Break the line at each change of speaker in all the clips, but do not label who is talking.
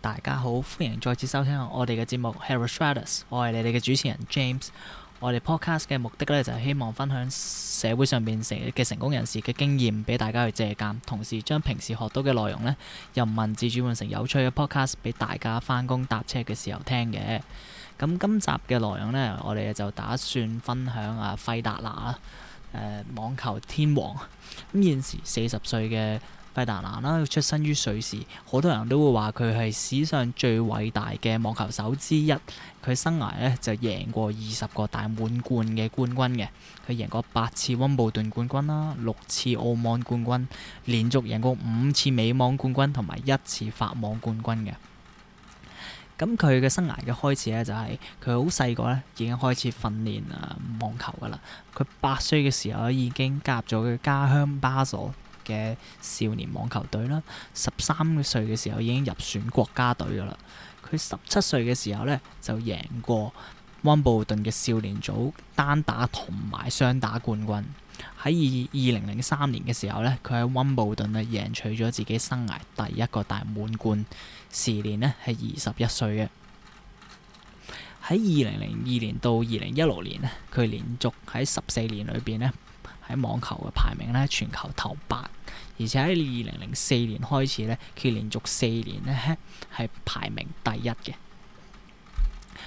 大家好，歡迎再次收聽我哋嘅節目《Herostratus》，我係你哋嘅主持人 James。我哋 Podcast 嘅目的咧就係、是、希望分享社會上面成嘅成功人士嘅經驗俾大家去借鑑，同時將平時學到嘅內容咧由文字轉換成有趣嘅 Podcast 俾大家翻工搭車嘅時候聽嘅。咁今集嘅內容咧，我哋就打算分享阿、啊、費達拿啊、呃，網球天王，咁現時四十歲嘅。費達拿啦，出生於瑞士，好多人都會話佢係史上最偉大嘅網球手之一。佢生涯咧就贏過二十個大滿貫嘅冠軍嘅，佢贏過八次溫布頓冠軍啦，六次澳網冠軍，連續贏過五次美網冠軍同埋一次法網冠軍嘅。咁佢嘅生涯嘅開始咧就係佢好細個咧已經開始訓練啊網球噶啦。佢八歲嘅時候已經加入咗佢家鄉巴所。嘅少年網球隊啦，十三歲嘅時候已經入選國家隊噶啦。佢十七歲嘅時候咧就贏過溫布頓嘅少年組單打同埋雙打冠軍。喺二二零零三年嘅時候咧，佢喺溫布頓咧贏取咗自己生涯第一個大滿貫。時年呢，係二十一歲嘅。喺二零零二年到二零一六年呢，佢連續喺十四年裏邊呢，喺網球嘅排名咧全球頭八。而且喺二零零四年開始咧，佢連續四年咧係排名第一嘅。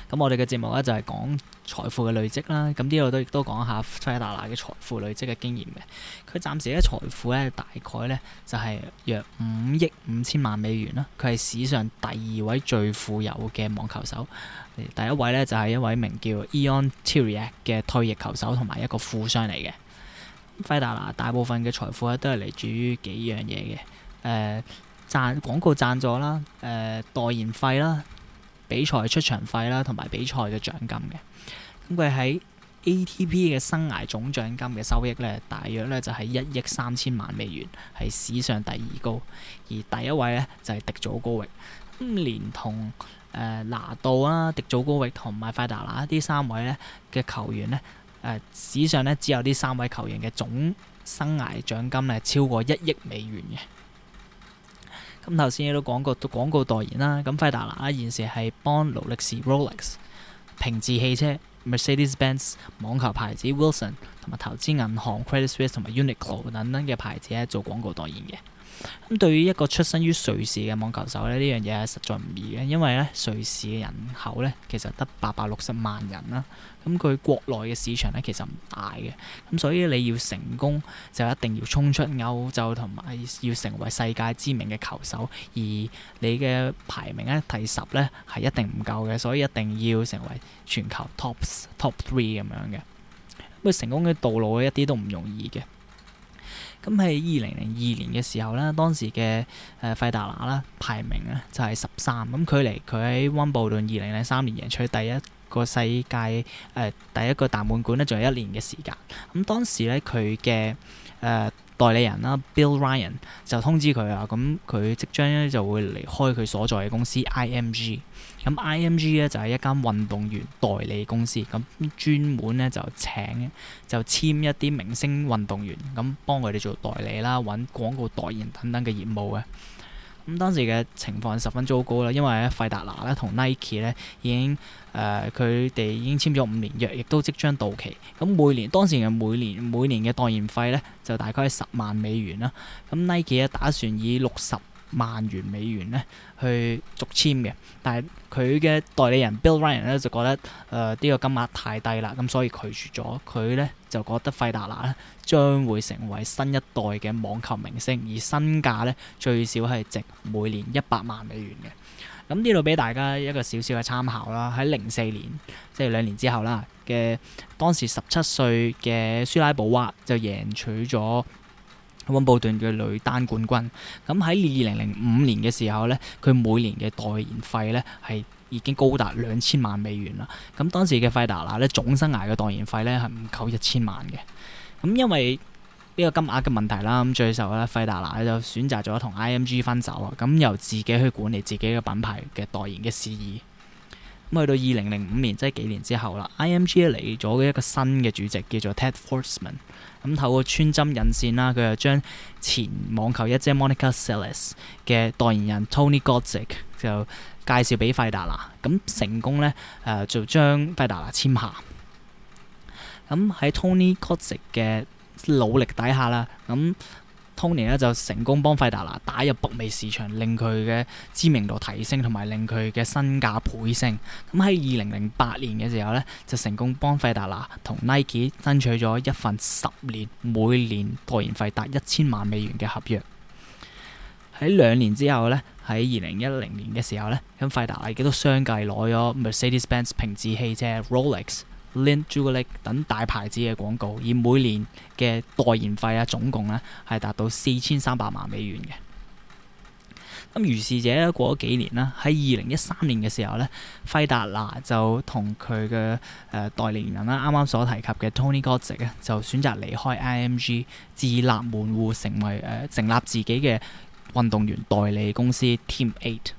咁我哋嘅節目咧就係講財富嘅累積啦。咁呢度都亦都講下費達拿嘅財富累積嘅經驗嘅。佢暫時咧財富咧大概咧就係約五億五千萬美元啦。佢係史上第二位最富有嘅網球手。第一位咧就係一位名叫 Eon Tiriac 嘅退役球手同埋一個富商嚟嘅。費達拿大部分嘅財富咧都係嚟自於幾樣嘢嘅，誒、呃，贊廣告贊助啦，誒、呃，代言費啦，比賽出場費啦，同埋比賽嘅獎金嘅。咁佢喺 ATP 嘅生涯總獎金嘅收益咧，大約咧就係一億三千萬美元，係史上第二高，而第一位咧就係、是、迪祖高域。咁連同誒納豆啦，迪祖高域同埋費達拿呢三位咧嘅球員咧。Uh, 史上咧只有呢三位球員嘅總生涯獎金咧超過一億美元嘅。咁頭先亦都講過做廣告代言啦。咁費達拿現時係幫勞力士 Rolex、平治汽車 Mercedes-Benz、Mercedes enz，網球牌子 Wilson。同埋投資銀行 Credit Suisse 同埋 Uniqlo 等等嘅牌子咧做廣告代言嘅。咁對於一個出身於瑞士嘅網球手咧，呢樣嘢實在唔易嘅，因為咧瑞士嘅人口咧其實得八百六十萬人啦，咁佢國內嘅市場咧其實唔大嘅，咁所以你要成功就一定要衝出歐洲，同埋要成為世界知名嘅球手，而你嘅排名咧第十咧係一定唔夠嘅，所以一定要成為全球 top top top three 咁樣嘅。成功嘅道路一啲都唔容易嘅，咁喺二零零二年嘅時候呢，當時嘅誒費達拿啦排名呢就係十三，咁距離佢喺溫布頓二零零三年贏取第一個世界誒、呃、第一個大滿貫呢，仲有一年嘅時間，咁當時呢，佢嘅誒。呃代理人啦，Bill Ryan 就通知佢啊，咁佢即將咧就會離開佢所在嘅公司 IMG。咁 IMG 咧就係一間運動員代理公司，咁專門咧就請就簽一啲明星運動員，咁幫佢哋做代理啦，揾廣告代言等等嘅業務嘅。咁當時嘅情況十分糟糕啦，因為費達拿咧同 Nike 咧已經誒佢哋已經簽咗五年約，亦都即將到期。咁每年當時嘅每年每年嘅代言費咧就大概係十萬美元啦。咁 Nike 咧打算以六十萬元美元咧去續簽嘅，但係佢嘅代理人 Bill Ryan 咧就覺得誒呢個金額太低啦，咁所以拒絕咗佢咧。就覺得費達拿咧將會成為新一代嘅網球明星，而身價咧最少係值每年一百萬美元嘅。咁呢度俾大家一個少少嘅參考啦。喺零四年，即係兩年之後啦嘅，當時十七歲嘅舒拉寶娃就贏取咗温布頓嘅女單冠軍。咁喺二零零五年嘅時候咧，佢每年嘅代言費咧係已經高達兩千萬美元啦！咁當時嘅費達拿咧總生涯嘅代言費咧係唔夠一千萬嘅，咁因為呢個金額嘅問題啦，咁最後咧費達拿就選擇咗同 IMG 分手啊！咁由自己去管理自己嘅品牌嘅代言嘅事宜。咁去到二零零五年，即係幾年之後啦，IMG 嚟咗嘅一個新嘅主席叫做 Ted Forstmann，咁透過穿針引線啦，佢就將前網球一姐 Monica Seles 嘅代言人 Tony Godzik，就介紹俾費達拿，咁成功咧誒、呃、就將費達拿簽下。咁喺 Tony Kuzic 嘅努力底下啦，咁 Tony 咧就成功幫費達拿打入北美市場，令佢嘅知名度提升，同埋令佢嘅身價倍升。咁喺二零零八年嘅時候咧，就成功幫費達拿同 Nike 爭取咗一份十年每年代言費達一千萬美元嘅合約。喺兩年之後咧，喺二零一零年嘅時候咧，咁費達拿亦都相繼攞咗 Mercedes-Benz、enz，平治汽車、Rolex、Lindt 朱古力等大牌子嘅廣告，而每年嘅代言費啊，總共咧係達到四千三百萬美元嘅。咁如是者咧，過咗幾年啦，喺二零一三年嘅時候咧，費達拿就同佢嘅誒代理人啦，啱啱所提及嘅 Tony Godzic 啊，就選擇離開 IMG，自立門戶，成為誒、呃、成立自己嘅。運動員代理公司 Team Eight，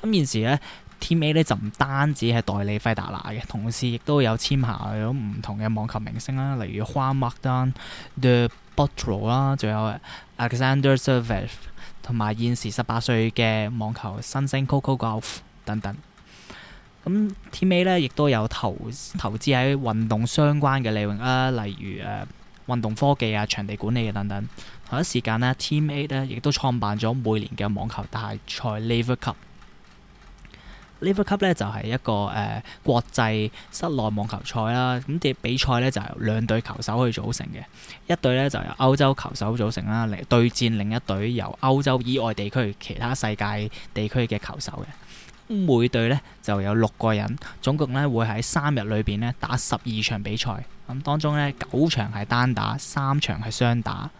咁現時咧 Team Eight 咧就唔單止係代理費達拿嘅，同時亦都有簽下咗唔同嘅網球明星啦，例如 Juan Martín del Potro 啦，仲有 Alexander Zverev 同埋現時十八歲嘅網球新星 Coco Gauff 等等。咁 Team Eight 咧亦都有投投資喺運動相關嘅領域啦，例如誒。呃運動科技啊，場地管理啊，等等。同一時間呢，Team Eight 咧亦都創辦咗每年嘅網球大賽 Laver Cup。Laver Cup 咧就係、是、一個誒、呃、國際室內網球賽啦。咁、啊、啲比賽咧就是、由兩隊球手去組成嘅，一隊咧就由歐洲球手組成啦，嚟對戰另一隊由歐洲以外地區其他世界地區嘅球手嘅。每隊咧就有六個人，總共咧會喺三日裏邊咧打十二場比賽。咁當中咧九場係單打，三場係雙打。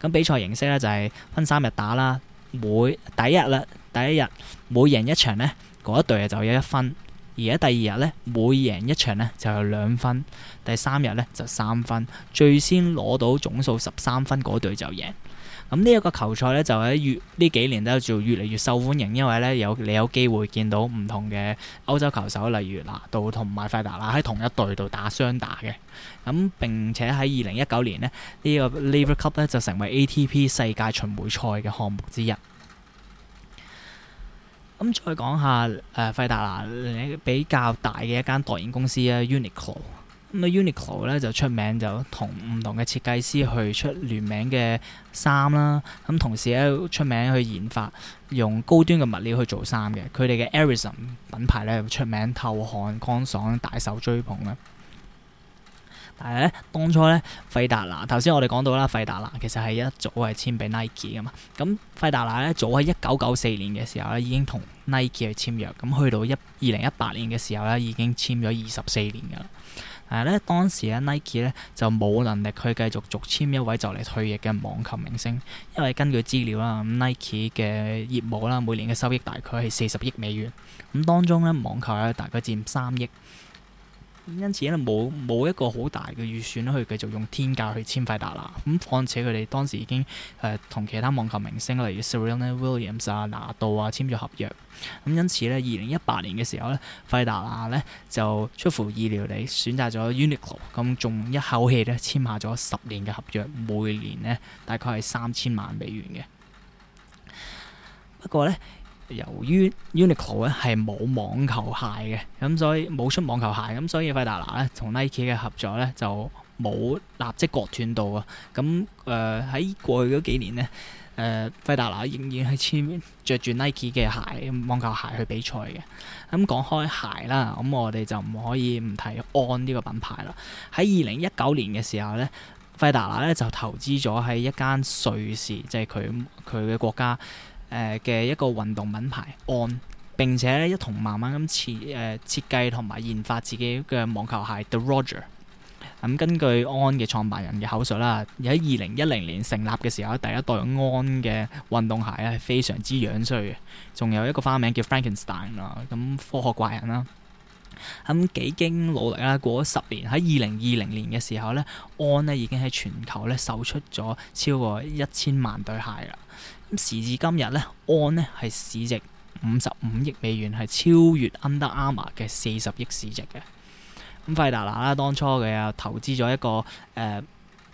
咁比賽形式咧就係分三日打啦。每第一日啦，第一日，第一日每贏一場咧，嗰一隊就有一分；而喺第二日咧，每贏一場咧就有兩分。第三日咧就三分。最先攞到總數十三分嗰隊就贏。咁呢一個球賽咧，就喺越呢幾年咧，就越嚟越受歡迎，因為咧有你有機會見到唔同嘅歐洲球手，例如拿度同埋費達拿喺同一隊度打雙打嘅。咁、嗯、並且喺二零一九年、這個、呢，呢個 Laver Cup 咧就成為 ATP 世界巡迴賽嘅項目之一。咁、嗯、再講下誒費、呃、達拿比較大嘅一間代言公司啊 Uniqlo。Un 咁 Uniqlo 咧就出名就同唔同嘅設計師去出聯名嘅衫啦。咁同時咧出名去研發用高端嘅物料去做衫嘅。佢哋嘅 AIRism 品牌咧出名透汗、乾爽，大受追捧啦。但係咧，當初咧費達拿頭先我哋講到啦，費達拿其實係一早係簽俾 Nike 㗎嘛。咁費達拿咧早喺一九九四年嘅時候咧已經同 Nike 去簽約，咁去到一二零一八年嘅時候咧已經簽咗二十四年㗎喇。誒咧、啊、當時咧 Nike 咧就冇能力去繼續續簽一位就嚟退役嘅網球明星，因為根據資料啦，Nike 嘅業務啦，每年嘅收益大概係四十億美元，咁當中咧網球咧大概佔三億。因此咧冇冇一個好大嘅預算去繼續用天價去簽費達拿，咁況且佢哋當時已經誒同、呃、其他網球明星例如 Serena Williams 啊、拿度啊簽咗合約，咁因此咧，二零一八年嘅時候咧，費達拿咧就出乎意料地選擇咗 Uniqlo，咁仲一口氣咧簽下咗十年嘅合約，每年咧大概係三千萬美元嘅，不過咧。由於 Uniqlo 咧係冇網球鞋嘅，咁所以冇出網球鞋，咁所以費達拿咧同 Nike 嘅合作咧就冇立即割斷到啊。咁誒喺過去嗰幾年咧，誒、呃、費達拿仍然係穿着住 Nike 嘅鞋網球鞋去比賽嘅。咁、嗯、講開鞋啦，咁我哋就唔可以唔提 On 呢個品牌啦。喺二零一九年嘅時候咧，費達拿咧就投資咗喺一間瑞士，即係佢佢嘅國家。誒嘅一個運動品牌 On，On，並且咧一同慢慢咁設誒、呃、設計同埋研發自己嘅網球鞋 The Roger。咁、嗯、根據 On 嘅創辦人嘅口述啦，而喺二零一零年成立嘅時候，第一代 On 嘅運動鞋咧係非常之樣衰嘅，仲有一個花名叫 Frankenstein 啦、嗯，咁科學怪人啦、啊。咁幾經努力啦，過咗十年喺二零二零年嘅時候咧，安呢已經喺全球咧售出咗超過一千萬對鞋啦。咁時至今日咧，安呢係市值五十五億美元，係超越 Under Armour 嘅四十億市值嘅。咁費達拿啦，當初佢又投資咗一個誒，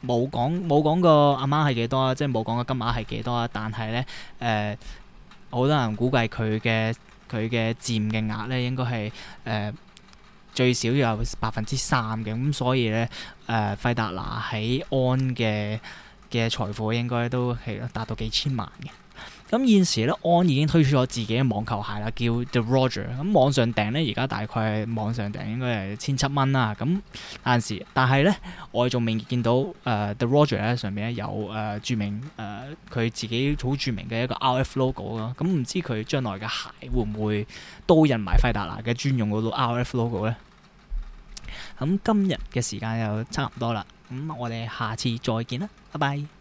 冇講冇講過 amount 係幾多啊，即係冇講過金額係幾多啊，但係咧誒，好、呃、多人估計佢嘅佢嘅佔嘅額咧，的的應該係誒。呃最少有百分之三嘅，咁所以咧，誒、呃、費達拿喺 On 嘅嘅財富應該都係達到幾千萬嘅。咁、嗯、現時咧，On 已經推出咗自己嘅網球鞋啦，叫 The Roger、嗯。咁網上訂咧，而家大概網上訂應該係千七蚊啦。咁但時，但係咧，我仲未見到誒、呃、The Roger 咧上面咧有誒、呃、著名誒佢、呃、自己好著名嘅一個 RF logo 咯、啊。咁、嗯、唔知佢將來嘅鞋會唔會都印埋費達拿嘅專用嗰個 RF logo 咧？咁今日嘅時間又差唔多啦，咁我哋下次再見啦，拜拜。